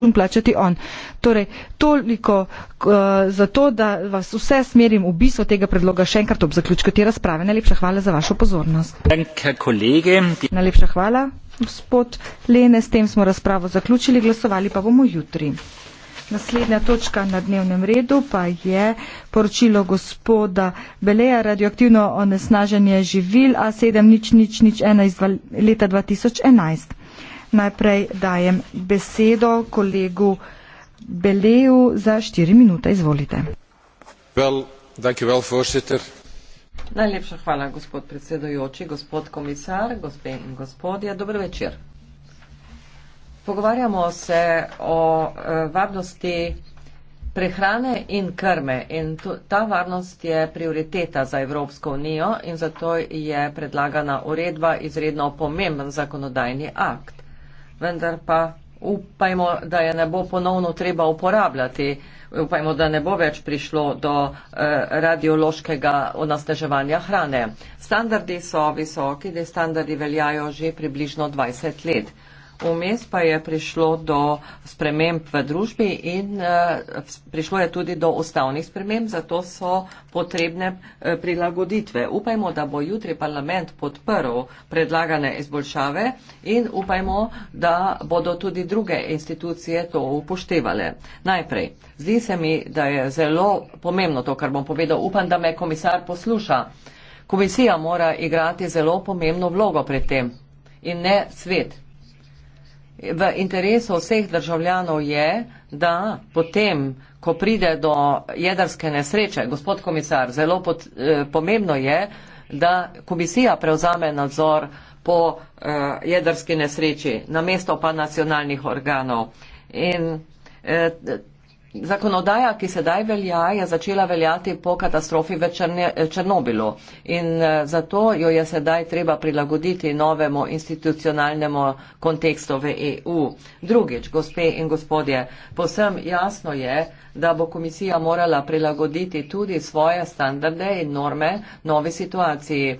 račun plačati on. Torej, toliko uh, za to, da vas vse smerim v bistvo tega predloga še enkrat ob zaključku te razprave. Najlepša hvala za vašo pozornost. Najlepša hvala, gospod Lene. S tem smo razpravo zaključili, glasovali pa bomo jutri. Naslednja točka na dnevnem redu pa je poročilo gospoda Beleja, radioaktivno onesnaženje živil A7001 iz leta 2011. Najprej dajem besedo kolegu Beleju za štiri minute. Izvolite. Well, Najlepša hvala, gospod predsedojoči, gospod komisar, gospe in gospodje. Dober večer. Pogovarjamo se o e, varnosti prehrane in krme in ta varnost je prioriteta za Evropsko unijo in zato je predlagana uredba izredno pomemben zakonodajni akt vendar pa upajmo, da je ne bo ponovno treba uporabljati, upajmo, da ne bo več prišlo do eh, radiološkega onasneževanja hrane. Standardi so visoki, da standardi veljajo že približno 20 let vmes pa je prišlo do sprememb v družbi in uh, prišlo je tudi do ustavnih sprememb, zato so potrebne uh, prilagoditve. Upajmo, da bo jutri parlament podprl predlagane izboljšave in upajmo, da bodo tudi druge institucije to upoštevale. Najprej, zdi se mi, da je zelo pomembno to, kar bom povedal. Upam, da me komisar posluša. Komisija mora igrati zelo pomembno vlogo pri tem in ne svet. V interesu vseh državljanov je, da potem, ko pride do jedrske nesreče, gospod komisar, zelo pot, eh, pomembno je, da komisija prevzame nadzor po eh, jedrski nesreči, namesto pa nacionalnih organov. In, eh, Zakonodaja, ki sedaj velja, je začela veljati po katastrofi v Černobilu in eh, zato jo je sedaj treba prilagoditi novemu institucionalnemu kontekstu v EU. Drugič, gospe in gospodje, posem jasno je, da bo komisija morala prilagoditi tudi svoje standarde in norme novi situaciji.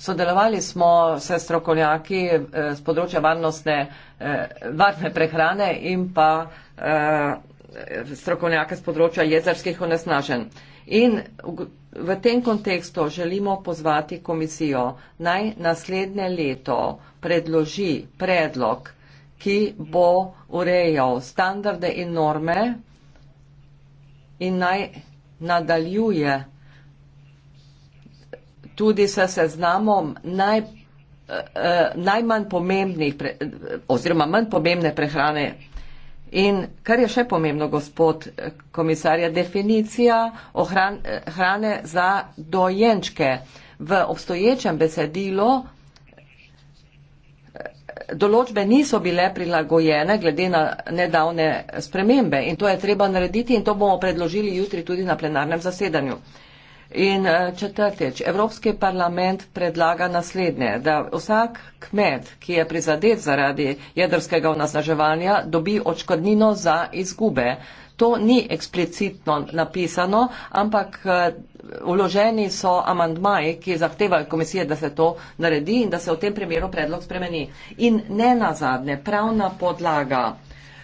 Sodelovali smo s strokovnjaki z eh, področja varnostne, eh, varne prehrane in pa eh, strokovnjake z področja jezerskih onesnažen. In v tem kontekstu želimo pozvati komisijo naj naslednje leto predloži predlog, ki bo urejal standarde in norme in naj nadaljuje tudi s seznamom naj, eh, eh, najmanj pomembnih pre, oziroma manj pomembne prehrane. In kar je še pomembno, gospod eh, komisar, je definicija ohran, eh, hrane za dojenčke. V obstoječem besedilu določbe niso bile prilagojene glede na nedavne spremembe in to je treba narediti in to bomo predložili jutri tudi na plenarnem zasedanju. Eh, In eh, četrtič, Evropski parlament predlaga naslednje, da vsak kmet, ki je prizadet zaradi jedrskega onaznaževanja, dobi očkodnino za izgube. To ni eksplicitno napisano, ampak uloženi eh, so amandmaji, ki zahtevajo komisije, da se to naredi in da se v tem primeru predlog spremeni. In ne nazadnje, pravna podlaga.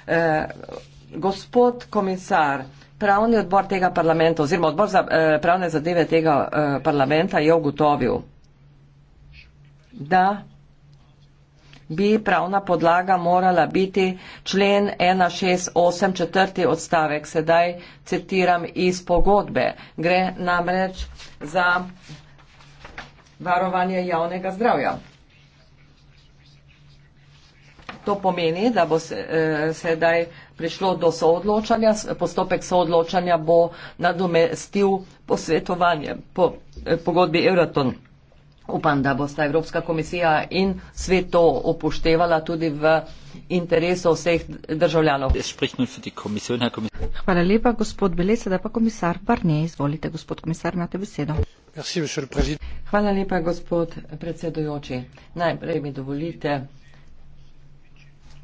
Eh, gospod komisar, eh, pravni odbor tega parlamenta oziroma odbor za eh, pravne zadeve tega eh, parlamenta je ugotovil, da bi pravna podlaga morala biti člen 168 četrti odstavek. Sedaj citiram iz pogodbe. Gre namreč za varovanje javnega zdravja. To pomeni, da bo se, eh, sedaj prišlo do soodločanja, postopek soodločanja bo nadomestil posvetovanje po eh, pogodbi Euraton. Upam, da bo sta Evropska komisija in svet to upoštevala tudi v interesu vseh državljanov. Hvala lepa, gospod Beles, sedaj pa komisar Barnier. Izvolite, gospod komisar, imate besedo. Hvala lepa, gospod predsedujoči. Najprej mi dovolite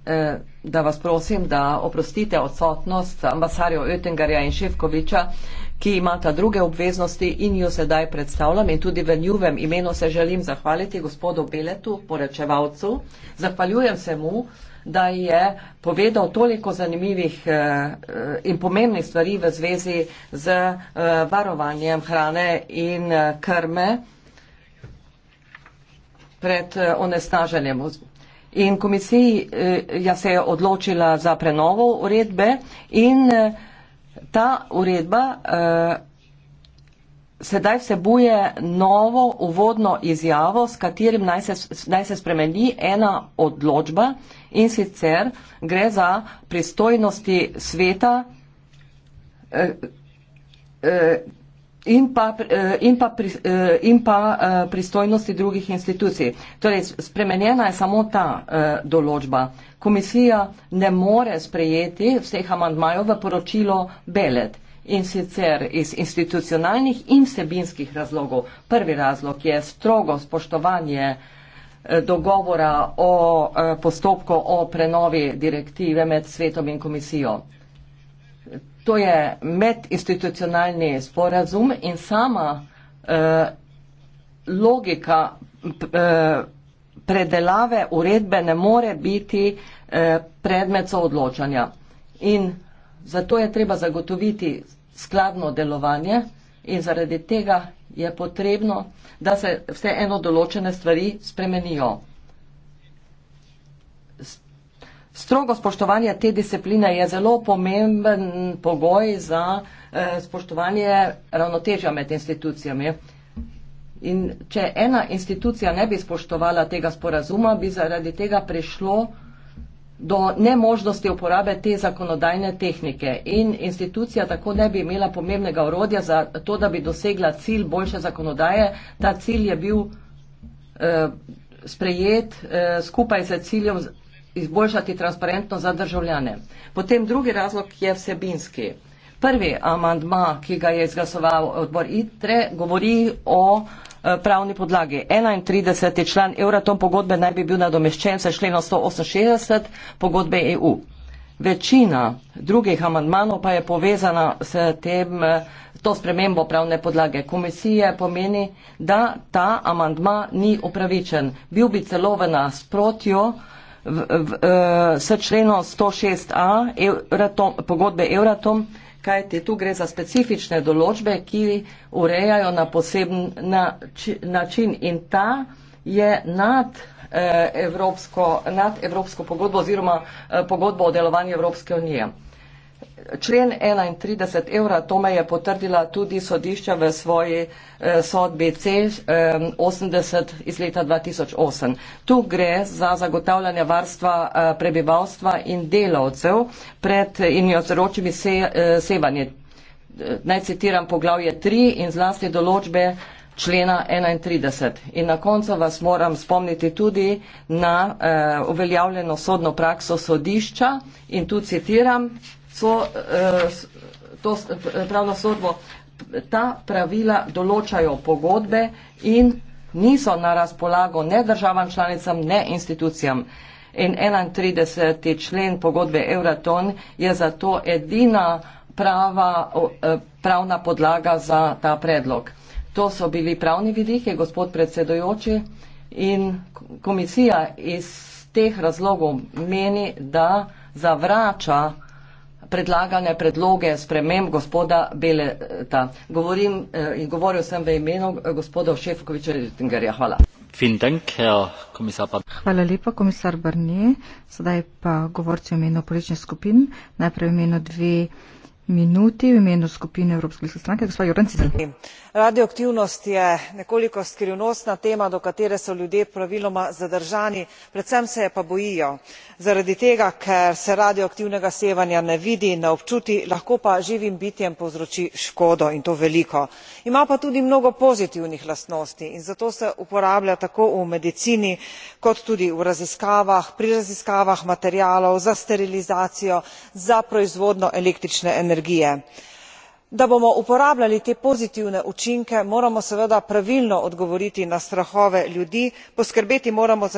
Eh, da vas prosim, da oprostite odsotnost ambasarja Oettingerja in Šefkoviča, ki imata druge obveznosti in jo sedaj predstavljam in tudi v njuvem imenu se želim zahvaliti gospodu Beletu, poročevalcu. Zahvaljujem se mu, da je povedal toliko zanimivih eh, eh, in pomembnih stvari v zvezi z varovanjem hrane in krme pred onesnaženjem in komisija eh, ja, se je odločila za prenovo uredbe in eh, ta uredba eh, sedaj vsebuje novo uvodno izjavo, s katerim naj se, naj se spremeni ena odločba in sicer gre za pristojnosti sveta, in pa, eh, in pa, eh, in pa eh, pristojnosti drugih institucij. Torej, spremenjena je samo ta določba. Komisija ne more sprejeti vseh amandmajev v poročilo Belet in sicer iz institucionalnih in vsebinskih razlogov. Prvi razlog je strogo spoštovanje dogovora o postopku o prenovi direktive med svetom in komisijo. To je medinstitucionalni sporazum in sama eh, logika eh, predelave uredbe ne more biti eh, predmet soodločanja. In zato je treba zagotoviti skladno delovanje in zaradi tega je potrebno, da se vseeno določene stvari spremenijo strogo spoštovanje te discipline je zelo pomemben pogoj za eh, spoštovanje ravnotežja med institucijami. In če ena institucija ne bi spoštovala tega sporazuma, bi zaradi tega prišlo do nemožnosti uporabe te zakonodajne tehnike in institucija tako ne bi imela pomembnega orodja za to, da bi dosegla cilj boljše zakonodaje. Ta cilj je bil eh, sprejet eh, skupaj z ciljem izboljšati transparentnost za državljane. Potem drugi razlog je vsebinski. Prvi amandma, ki ga je izglasoval odbor ITRE, govori o eh, pravni podlagi. 31. član Euratom pogodbe naj bi bil nadomeščen s členom 168 pogodbe EU. Večina drugih amandmanov pa je povezana s tem, eh, to spremembo pravne podlage komisije pomeni, da ta amandma ni upravičen. Bil bi celo v nasprotju uh, v, v, eh, s členom 106a Euratom, pogodbe Euratom, kajte tu gre za specifične določbe, ki urejajo na poseben na, či, način in ta je nad, eh, evropsko, nad evropsko pogodbo oziroma eh, pogodbo o delovanju Evropske unije člen 31 evra, to me je potrdila tudi sodišča v svoji eh, sodbi C80 eh, iz leta 2008. Tu gre za zagotavljanje varstva eh, prebivalstva in delavcev pred in jo zročimi se, sevanje. Naj citiram poglavje 3 in zlasti določbe člena 31. In na koncu vas moram spomniti tudi na uh, uveljavljeno sodno prakso sodišča in tu citiram so, eh, to eh, pravno sodbo, ta pravila določajo pogodbe in niso na razpolago ne državam članicam, ne institucijam. In 31. člen pogodbe Euraton je zato edina prava, eh, pravna podlaga za ta predlog. To so bili pravni vidiki, gospod predsedojoči, in komisija iz teh razlogov meni, da zavrača uh, predlagane predloge sprememb gospoda Beleta. Govorim eh, in govoril sem v imenu eh, gospoda Šefkoviča Rittingerja. Hvala. Dank, herr Hvala lepa, komisar Barnier. Sedaj pa govorci v imenu politične skupine. Najprej v imenu dve minuti v imenu skupine evropske ljudske stranke gospa jurencica. radioaktivnost je nekoliko skrivnostna tema do katere so ljudje praviloma zadržani predvsem se je pa bojijo zaradi tega ker se radioaktivnega sevanja ne vidi ne občuti lahko pa živim bitjem povzroči škodo in to veliko. ima pa tudi mnogo pozitivnih lastnosti in zato se uporablja tako v medicini kot tudi v raziskavah pri raziskavah materialov za sterilizacijo za proizvodnjo električne energije energije. da bomo uporabljali te pozitivne učinke moramo seveda pravilno odgovoriti na strahove ljudi poskrbeti moramo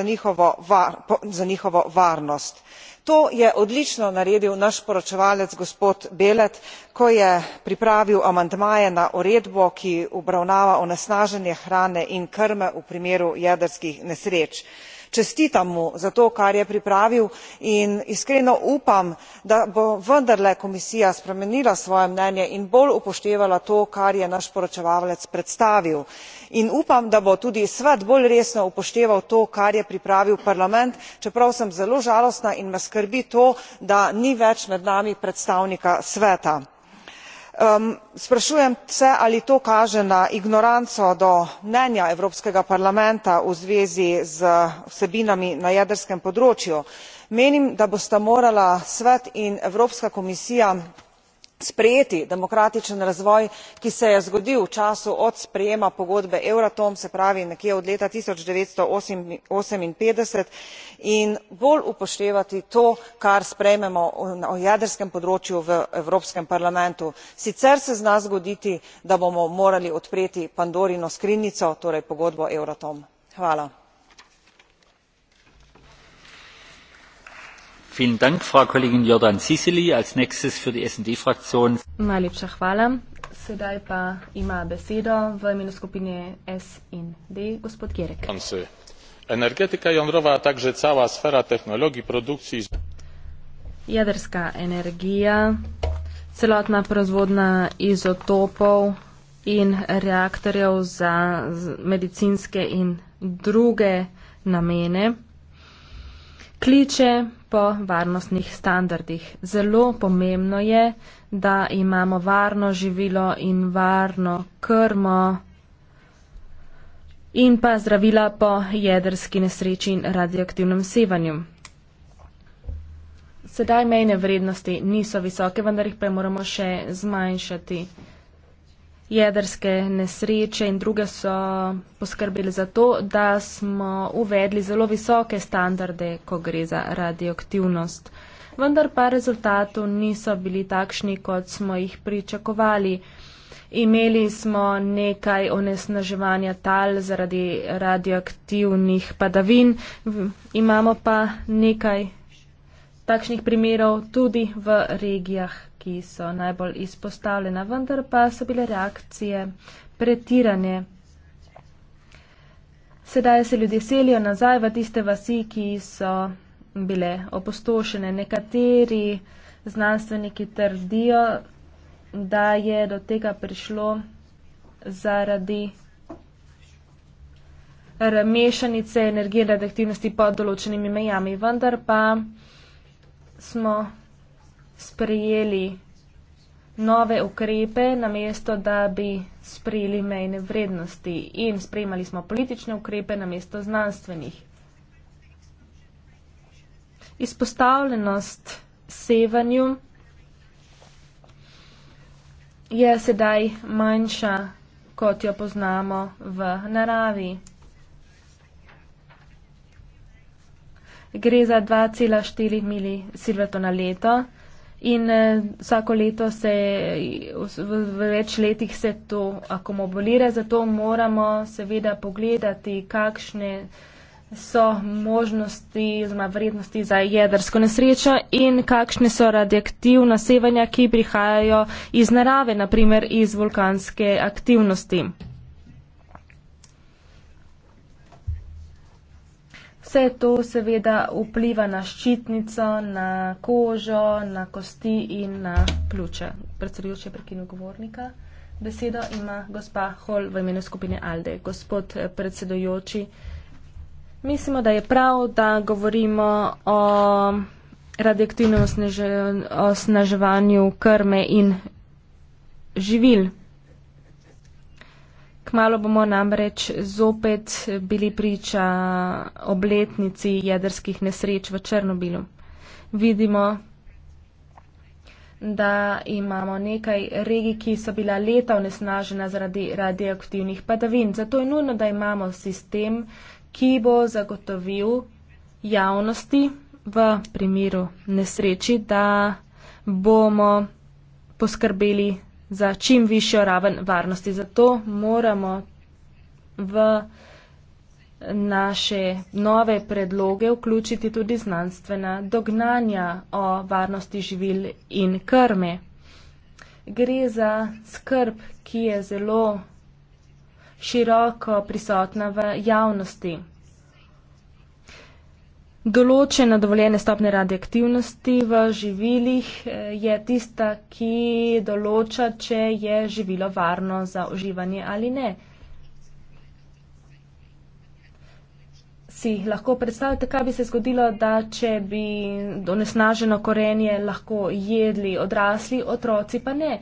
za njihovo varnost. to je odlično naredil naš poročevalec gospod belet ko je pripravil amandmaje na uredbo ki obravnava onesnaženje hrane in krme v primeru jedrskih nesreč čestitam mu za to kar je pripravil in iskreno upam da bo vendarle komisija spremenila svoje mnenje in bolj upoštevala to kar je naš poročevalec predstavil in upam da bo tudi svet bolj resno upošteval to kar je pripravil parlament čeprav sem zelo žalostna in me skrbi to da ni več med nami predstavnika sveta sprašujem se ali to kaže na ignoranco do mnenja evropskega parlamenta v zvezi z vsebinami na jedrskem področju. menim da bosta morala svet in evropska komisija sprejeti demokratičen razvoj ki se je zgodil v času od sprejema pogodbe euratom se pravi nekje od leta tisoč devetsto oseminpetdeset in bolj upoštevati to kar sprejmemo o jedrskem področju v evropskem parlamentu sicer se zna zgoditi da bomo morali odpreti pandorino skrinjico torej pogodbo euratom. Najlepša hvala. Sedaj pa ima besedo v imenu skupine SND gospod Kjerek. Energetika jądrowa, a także cała sfera technologii produkcji. Jadrska energia, celotna prozwodna izotopów i reaktorów za medycyńskie i druge namene kliče po varnostnih standardih. Zelo pomembno je, da imamo varno živilo in varno krmo in pa zdravila po jedrski nesreči in radioaktivnem sevanju. Sedaj mejne vrednosti niso visoke, vendar jih pa moramo še zmanjšati jedrske nesreče in druge so poskrbeli za to, da smo uvedli zelo visoke standarde, ko gre za radioaktivnost. Vendar pa rezultatov niso bili takšni, kot smo jih pričakovali. Imeli smo nekaj onesnaževanja tal zaradi radioaktivnih padavin, imamo pa nekaj takšnih primerov tudi v regijah ki so najbolj izpostavljena, vendar pa so bile reakcije pretirane. Sedaj se ljudje selijo nazaj v tiste vasi, ki so bile opustošene. Nekateri znanstveniki trdijo, da je do tega prišlo zaradi mešanice energije radioaktivnosti pod določenimi mejami, vendar pa smo sprejeli nove ukrepe, namesto da bi sprejeli mejne vrednosti in sprejemali smo politične ukrepe namesto znanstvenih. Izpostavljenost sevanju je sedaj manjša, kot jo poznamo v naravi. Gre za 2,4 milisilveto na leto. In eh, vsako leto se, v, v več letih se to akumulira, zato moramo seveda pogledati, kakšne so možnosti oziroma vrednosti za jedrsko nesrečo in kakšne so radioaktivna sevanja, ki prihajajo iz narave, naprimer iz vulkanske aktivnosti. vse to seveda vpliva na ščitnico, na kožo, na kosti in na pljuče. Predsedujoč je prekinil govornika. Besedo ima gospa Hol v imenu skupine Alde. Gospod predsedujoči, mislimo, da je prav, da govorimo o radioaktivnem osnaževanju krme in živil. Kmalo bomo namreč zopet bili priča obletnici jedrskih nesreč v Černobilu. Vidimo, da imamo nekaj regij, ki so bila leta onesnažena zaradi radioaktivnih padavin. Zato je nujno, da imamo sistem, ki bo zagotovil javnosti v primeru nesreči, da bomo poskrbeli za čim višjo raven varnosti. Zato moramo v naše nove predloge vključiti tudi znanstvena dognanja o varnosti živil in krme. Gre za skrb, ki je zelo široko prisotna v javnosti določene dovoljene stopne radioaktivnosti v živilih eh, je tista, ki določa, če je živilo varno za uživanje ali ne. Si lahko predstavljate, kaj bi se zgodilo, da če bi donesnaženo korenje lahko jedli odrasli, otroci pa ne.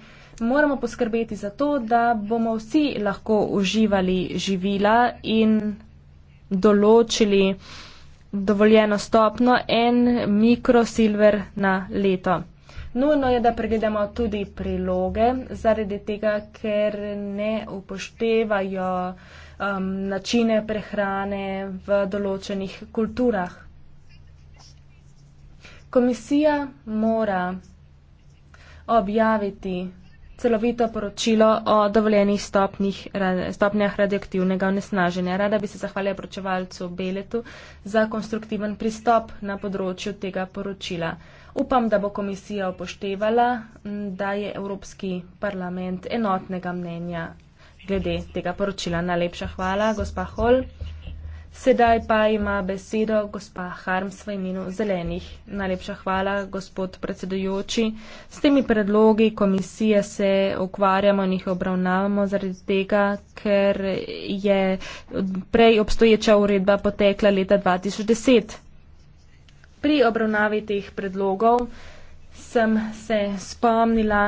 Moramo poskrbeti za to, da bomo vsi lahko uživali živila in določili, dovoljeno stopno, en mikrosilver na leto. Nujno je, da pregledamo tudi priloge, zaradi tega, ker ne upoštevajo um, načine prehrane v določenih kulturah. Komisija mora objaviti celovito poročilo o dovoljenih stopnih, stopnjah radioaktivnega onesnaženja. Rada bi se zahvalila poročevalcu Beletu za konstruktiven pristop na področju tega poročila. Upam, da bo komisija upoštevala, da je Evropski parlament enotnega mnenja glede tega poročila. Najlepša hvala, gospa Hol. Sedaj pa ima besedo gospa Harms v imenu zelenih. Najlepša hvala, gospod predsedujoči. S temi predlogi komisije se ukvarjamo in jih obravnavamo zaradi tega, ker je prej obstoječa uredba potekla leta 2010. Pri obravnavi teh predlogov sem se spomnila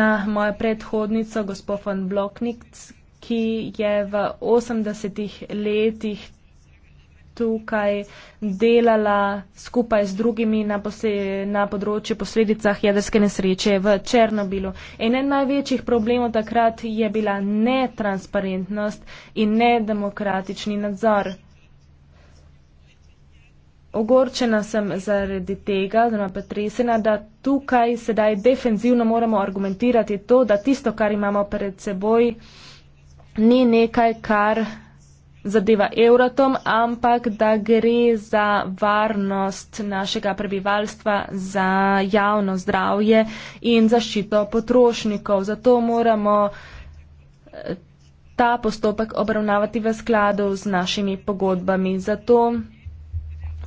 na mojo predhodnico, gospod von Bloknik, ki je v 80-ih letih tukaj delala skupaj z drugimi na, na področju posledicah jedrske nesreče v Černobilu. Enen največjih problemov takrat je bila netransparentnost in nedemokratični nadzor. Ogorčena sem zaradi tega, oziroma pretresena, da tukaj sedaj defenzivno moramo argumentirati to, da tisto, kar imamo pred seboj, ni nekaj, kar zadeva Euratom, ampak da gre za varnost našega prebivalstva, za javno zdravje in zaščito potrošnikov. Zato moramo eh, ta postopek obravnavati v skladu z našimi pogodbami. Zato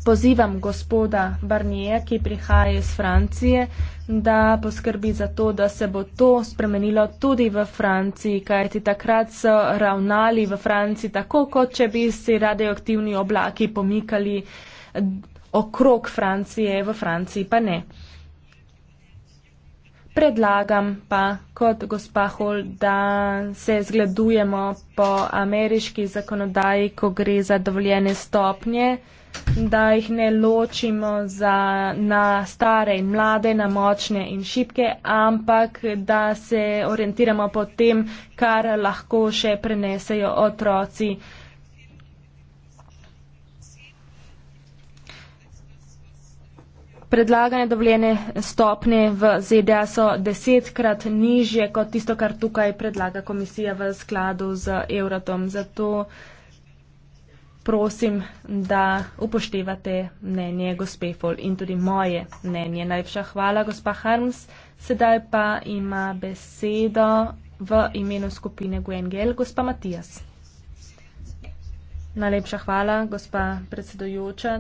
pozivam gospoda Barnija, ki prihaja iz Francije, da poskrbi za to, da se bo to spremenilo tudi v Franciji, kajti takrat so ravnali v Franciji tako, kot če bi si radioaktivni oblaki pomikali okrog Francije, v Franciji pa ne predlagam pa kot gospa Hol, da se zgledujemo po ameriški zakonodaji, ko gre za dovoljene stopnje, da jih ne ločimo za, na stare in mlade, na močne in šibke, ampak da se orientiramo po tem, kar lahko še prenesejo otroci. predlagane dovoljene stopne v ZDA so desetkrat nižje kot tisto, kar tukaj predlaga komisija v skladu z Euratom. Zato prosim, da upoštevate mnenje gospe Fol in tudi moje mnenje. Najlepša hvala, gospa Harms. Sedaj pa ima besedo v imenu skupine Gwengel, gospa Matijas. Najlepša hvala, gospa predsedojoča.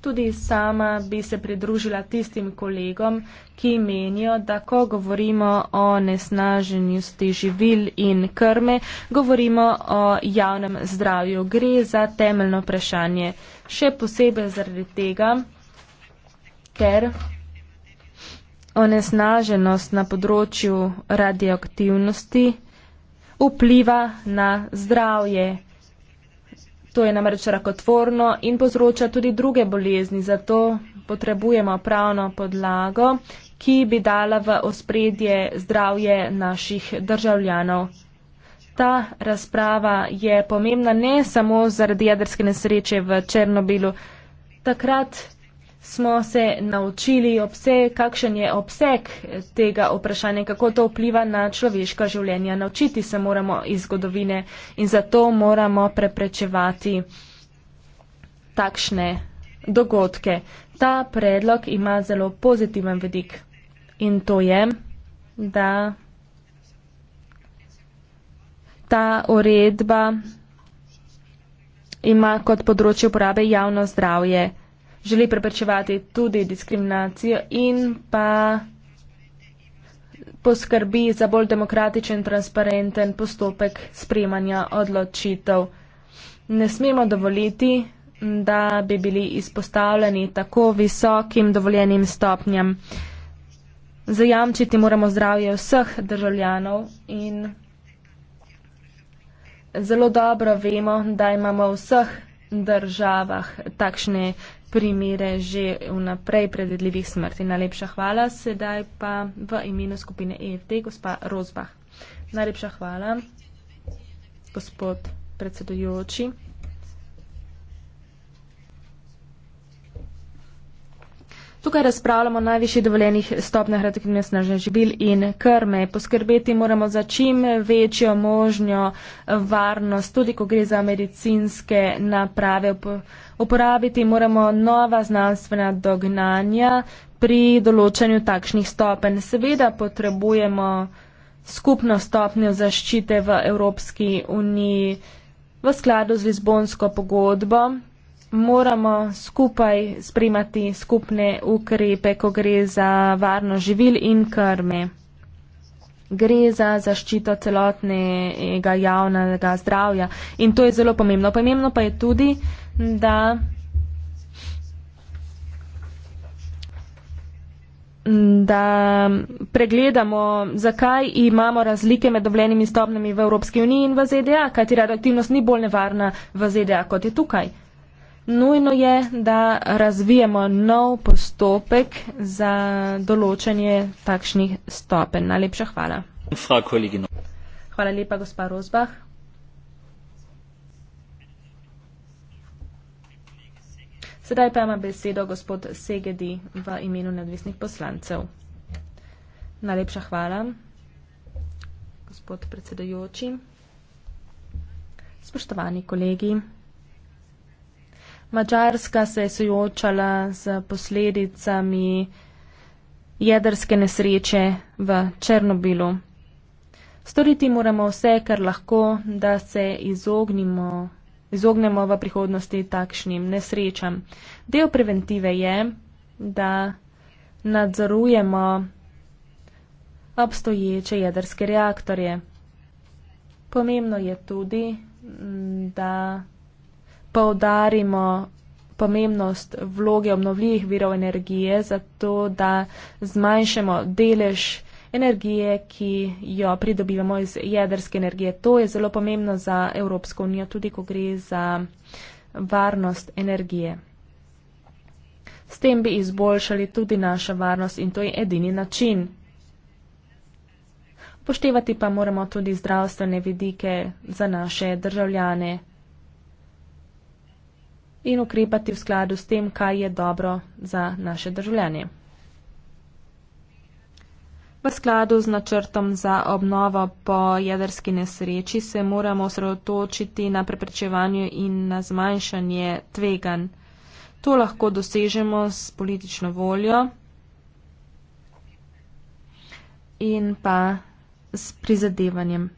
Tudi sama bi se pridružila tistim kolegom, ki menijo, da ko govorimo o nesnaženosti živil in krme, govorimo o javnem zdravju. Gre za temeljno vprašanje. Še posebej zaradi tega, ker onesnaženost na področju radioaktivnosti vpliva na zdravje To je namreč rakotvorno in povzroča tudi druge bolezni, zato potrebujemo pravno podlago, ki bi dala v ospredje zdravje naših državljanov. Ta razprava je pomembna ne samo zaradi jedrske nesreče v Černobilu. Takrat smo se naučili obseg, kakšen je obseg tega vprašanja, kako to vpliva na človeška življenja. Naučiti se moramo iz zgodovine in zato moramo preprečevati takšne dogodke. Ta predlog ima zelo pozitiven vedik in to je, da ta uredba ima kot področje uporabe javno zdravje želi preprečevati tudi diskriminacijo in pa poskrbi za bolj demokratičen in transparenten postopek sprejemanja odločitev. Ne smemo dovoliti, da bi bili izpostavljeni tako visokim dovoljenim stopnjam. Zajamčiti moramo zdravje vseh državljanov in zelo dobro vemo, da imamo v vseh državah takšne primere že vnaprej predvidljivih smrti. Najlepša hvala, sedaj pa v imenu skupine EFD, gospa Rozbah. Najlepša hvala, gospod predsedujoči. Tukaj razpravljamo o najvišjih dovoljenih stopnjah radioaktivnih snažen živil in krme. Poskrbeti moramo za čim večjo možnjo varnost, tudi ko gre za medicinske naprave. Uporabiti moramo nova znanstvena dognanja pri določanju takšnih stopenj. Seveda potrebujemo skupno stopnjo zaščite v Evropski uniji v skladu z Lizbonsko pogodbo moramo skupaj sprejmati skupne ukrepe, ko gre za varno živil in krme. Gre za zaščito celotnega javnega zdravja in to je zelo pomembno. Pomembno pa je tudi, da, da pregledamo, zakaj imamo razlike med dovoljenimi stopnjami v Evropski uniji in v ZDA, kajti radioaktivnost ni bolj nevarna v ZDA, kot je tukaj nujno je, da razvijemo nov postopek za določanje takšnih stopenj. Najlepša hvala. Hvala lepa, gospa Rozbah. Sedaj pa ima besedo gospod Segedi v imenu neodvisnih poslancev. Najlepša hvala, gospod predsedajoči. Spoštovani kolegi. Mačarska se je soočala z posledicami jedrske nesreče v Černobilu. Storiti moramo vse, kar lahko, da se izognimo, izognemo v prihodnosti takšnim nesrečam. Del preventive je, da nadzorujemo obstoječe jedrske reaktorje. Pomembno je tudi, da poudarimo pomembnost vloge obnovljivih virov energije, zato da zmanjšamo delež energije, ki jo pridobivamo iz jedrske energije. To je zelo pomembno za Evropsko unijo, tudi ko gre za varnost energije. S tem bi izboljšali tudi našo varnost in to je edini način. Upoštevati pa moramo tudi zdravstvene vidike za naše državljane in ukrepati v skladu s tem, kaj je dobro za naše državljanje. V skladu z načrtom za obnovo po jedrski nesreči se moramo osredotočiti na preprečevanje in na zmanjšanje tvegan. To lahko dosežemo s politično voljo in pa s prizadevanjem.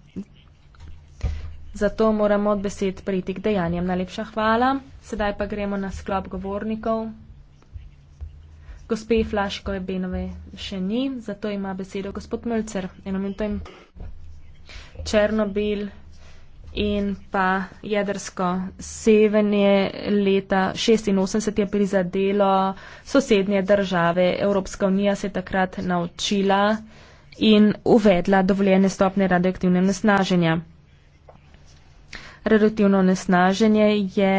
Zato moramo od besed priti k dejanjem. Najlepša hvala. Sedaj pa gremo na sklop govornikov. Gospe Flaškoje Benove še ni, zato ima besedo gospod Mlcer. Eno minuto in Černobil in pa jedrsko sevenje leta 86 je prizadelo sosednje države. Evropska unija se je takrat naučila in uvedla dovoljene stopne radioaktivne nasnaženja relativno nesnaženje je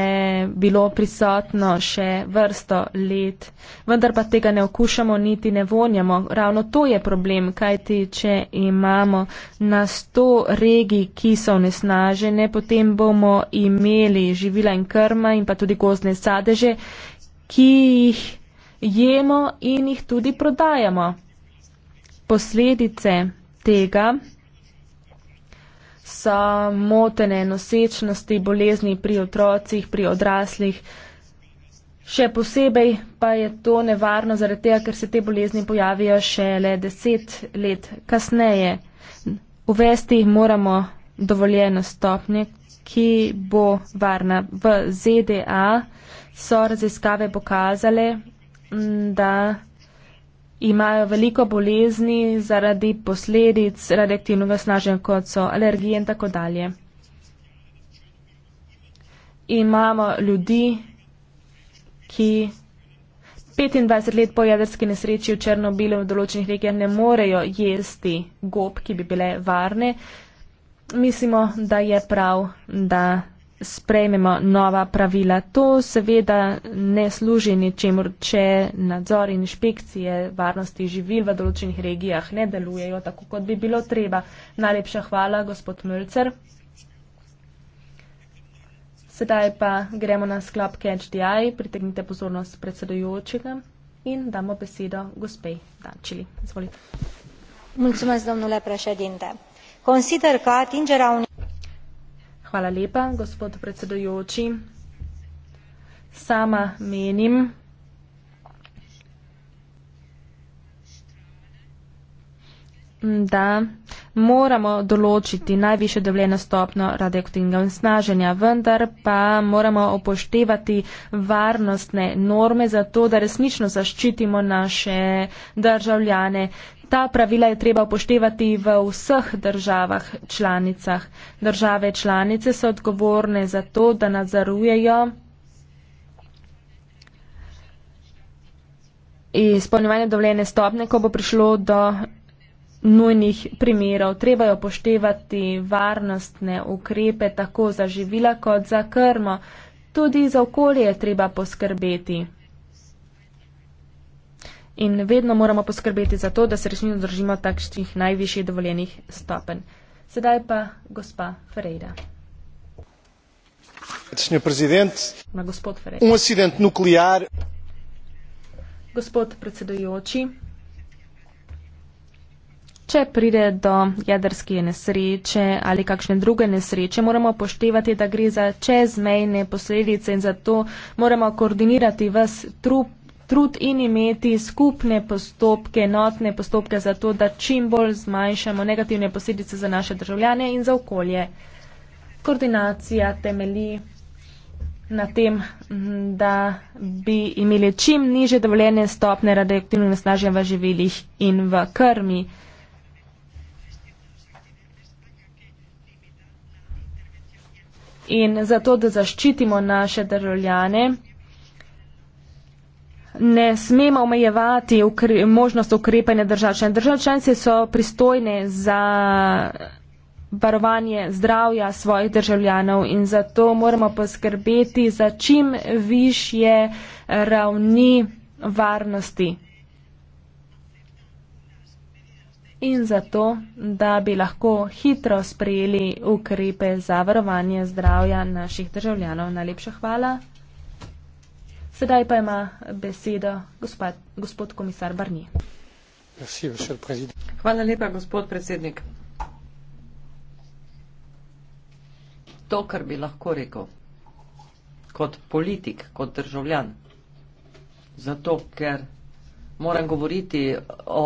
bilo prisotno še vrsto let, vendar pa tega ne okušamo niti ne vonjamo. Ravno to je problem, kajti če imamo na sto regij, ki so nesnažene, potem bomo imeli živila in krma in pa tudi gozne sadeže, ki jih jemo in jih tudi prodajamo. Posledice tega so motene nosečnosti, bolezni pri otrocih, pri odraslih. Še posebej pa je to nevarno zaradi tega, ker se te bolezni pojavijo šele deset let kasneje. Uvesti moramo dovoljeno stopnje, ki bo varna. V ZDA so raziskave pokazale, da imajo veliko bolezni zaradi posledic radioaktivnega snaženja, kot so alergije in tako dalje. Imamo ljudi, ki 25 let po jedrski nesreči v Černobilu v določenih regijah ne morejo jesti gob, ki bi bile varne. Mislimo, da je prav, da sprejmemo nova pravila. To seveda ne služi ničemur, če nadzor in inšpekcije varnosti živil v določenih regijah ne delujejo tako, kot bi bilo treba. Najlepša hvala, gospod Mölcer. Sedaj pa gremo na sklop Catch the Eye, pritegnite pozornost predsedujočega in damo besedo gospej Dančili. Izvolite. Mulțumesc, domnule președinte. Consider că atingerea unui. Hvala lepa, gospod predsedujoči. Sama menim, da moramo določiti najviše dovoljeno stopno radioaktivnega onsnaženja, vendar pa moramo upoštevati varnostne norme za to, da resnično zaščitimo naše državljane. Ta pravila je treba upoštevati v vseh državah članicah. Države članice so odgovorne za to, da nadzorujejo izpolnjevanje dovoljene stopne, ko bo prišlo do nujnih primerov. Treba je upoštevati varnostne ukrepe tako za živila kot za krmo. Tudi za okolje je treba poskrbeti in vedno moramo poskrbeti za to, da se resnično držimo takšnih najvišjih dovoljenih stopenj. Sedaj pa gospa Ferreira. Gospod, Ferreira. Incident um nuklear. gospod predsedujoči, če pride do jedrske nesreče ali kakšne druge nesreče, moramo poštevati, da gre za čezmejne posledice in zato moramo koordinirati vas trup trud in imeti skupne postopke, notne postopke za to, da čim bolj zmanjšamo negativne posledice za naše državljane in za okolje. Koordinacija temelji na tem, da bi imeli čim niže dovoljene stopne radioaktivnih nasnažen v živilih in v krmi. In zato, da zaščitimo naše državljane, ne smemo omejevati ukre, možnost ukrepanja držav članic. Držav članic so pristojne za varovanje zdravja svojih državljanov in zato moramo poskrbeti za čim višje ravni varnosti. In zato, da bi lahko hitro sprejeli ukrepe za varovanje zdravja naših državljanov. Najlepša hvala. Sedaj pa ima besedo gospod, gospod komisar Barni. Hvala lepa, gospod predsednik. To, kar bi lahko rekel kot politik, kot državljan, zato ker moram govoriti o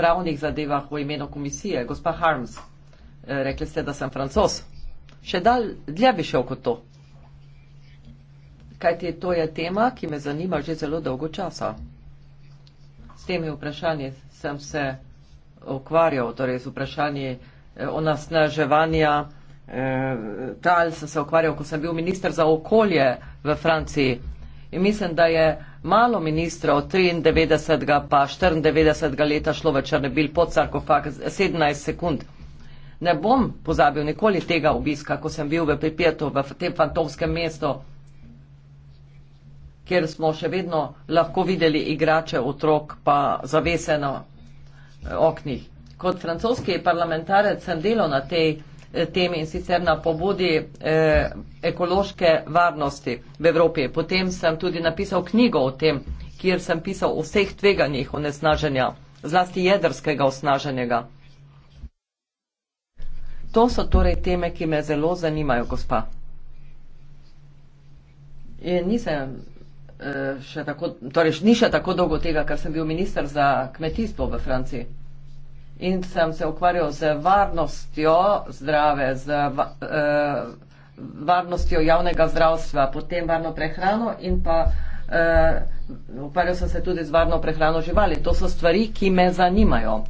pravnih zadevah v imenu komisije, gospa Harms, eh, rekli ste, da sem francos, še dal, dlje bi šel kot to kajti to je tema, ki me zanima že zelo dolgo časa. S temi vprašanji sem se ukvarjal, torej z vprašanji eh, onasnaževanja eh, tal sem se ukvarjal, ko sem bil minister za okolje v Franciji. In mislim, da je malo ministra od 93. pa 94. leta šlo v Črnebil pod sarkofag 17 sekund. Ne bom pozabil nikoli tega obiska, ko sem bil v Pripjetu, v tem fantomskem mestu kjer smo še vedno lahko videli igrače otrok, pa zaveseno eh, oknih. Kot francoski parlamentarec sem delal na tej eh, temi in sicer na pobudi eh, ekološke varnosti v Evropi. Potem sem tudi napisal knjigo o tem, kjer sem pisal o vseh tveganjih onesnaženja, zlasti jedrskega osnaženega. To so torej teme, ki me zelo zanimajo, gospa. In nisem Eh, še tako, torej ni še tako dolgo tega, ker sem bil minister za kmetijstvo v Franciji. In sem se ukvarjal z varnostjo zdrave, z eh, varnostjo javnega zdravstva, potem varno prehrano in pa eh, ukvarjal sem se tudi z varno prehrano živali. To so stvari, ki me zanimajo.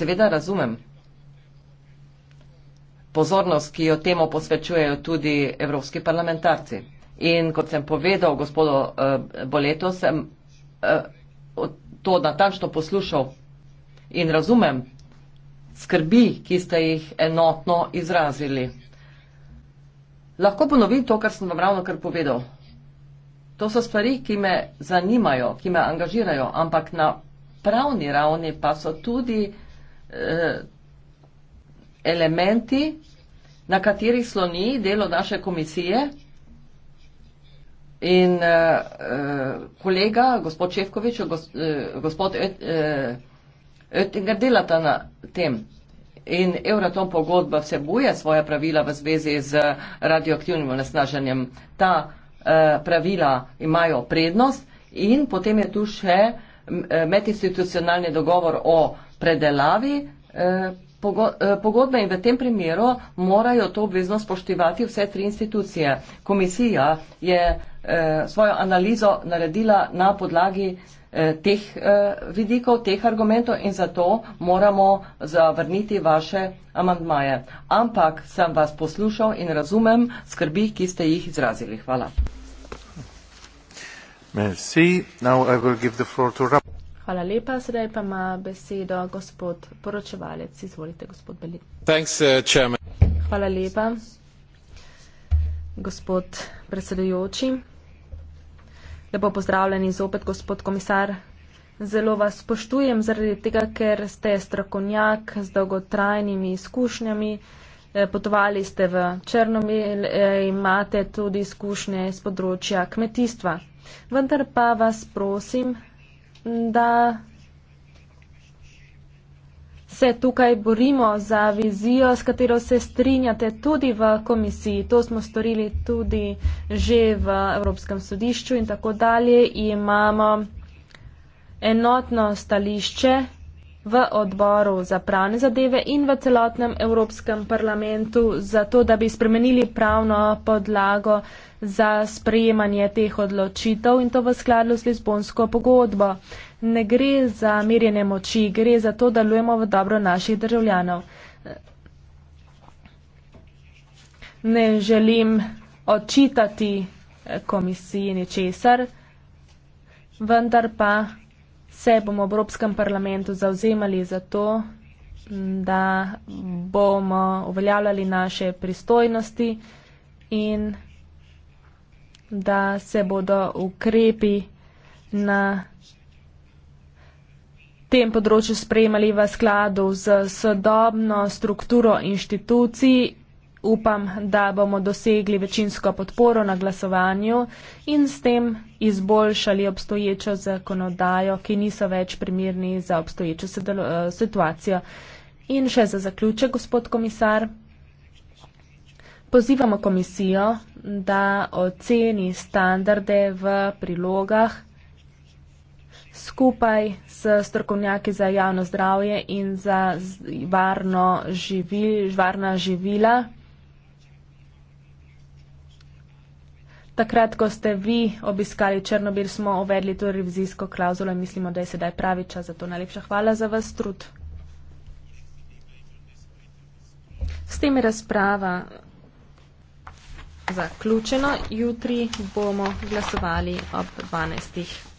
Seveda razumem pozornost, ki jo temu posvečujejo tudi evropski parlamentarci. In kot sem povedal gospodu uh, eh, Boleto, sem uh, to natančno poslušal in razumem skrbi, ki ste jih enotno izrazili. Lahko ponovim to, kar sem vam ravno kar povedal. To so stvari, ki me zanimajo, ki me angažirajo, ampak na pravni ravni pa so tudi uh, elementi, na katerih sloni delo naše komisije In uh, kolega, gospod Čevkovič, eh, gospod Oettinger, uh, delata na tem. In Euratom pogodba vsebuje svoje pravila v zvezi z radioaktivnim onesnaženjem. Ta uh, pravila imajo prednost in potem je tu še medinstitucionalni dogovor o predelavi uh, Eh, pogodbe in v tem primeru morajo to obvezno spoštivati vse tri institucije. Komisija je eh, svojo analizo naredila na podlagi eh, teh vidikov, teh argumentov in zato moramo zavrniti vaše amantmaje. Ampak sem vas poslušal in razumem skrbi, ki ste jih izrazili. Hvala. Merci. Now I will give the floor to Rabat. Hvala lepa. Sedaj pa ima besedo gospod poročevalec. Izvolite, gospod Belin. Thanks, uh, Hvala lepa, gospod predsedujoči. Lepo pozdravljeni zopet, gospod komisar. Zelo vas spoštujem zaradi tega, ker ste strokovnjak z dolgotrajnimi izkušnjami. E, potovali ste v Črnomil, e, imate tudi izkušnje z področja kmetijstva. Vendar pa vas prosim, da se tukaj borimo za vizijo, s katero se strinjate tudi v komisiji. To smo storili tudi že v Evropskem sodišču in tako dalje. Imamo enotno stališče v odboru za pravne zadeve in v celotnem Evropskem parlamentu za to, da bi spremenili pravno podlago za sprejemanje teh odločitev in to v skladu s Lizbonsko pogodbo. Ne gre za merjene moči, gre za to, da delujemo v dobro naših državljanov. Ne želim očitati komisiji ničesar, vendar pa se bomo v Evropskem parlamentu zauzemali za to, da bomo uveljavljali naše pristojnosti in da se bodo ukrepi na tem področju spremali v skladu z sodobno strukturo inštitucij upam, da bomo dosegli večinsko podporo na glasovanju in s tem izboljšali obstoječo zakonodajo, ki niso več primirni za obstoječo eh, situacijo. In še za zaključek, gospod komisar. Pozivamo komisijo, da oceni standarde v prilogah skupaj s strokovnjaki za javno zdravje in za varno živil, varna živila. Takrat, ko ste vi obiskali Črnobil, smo uvedli to revizijsko klauzulo in mislimo, da je sedaj pravi čas. Zato najlepša hvala za vas trud. S tem je razprava zaključena. Jutri bomo glasovali ob 12.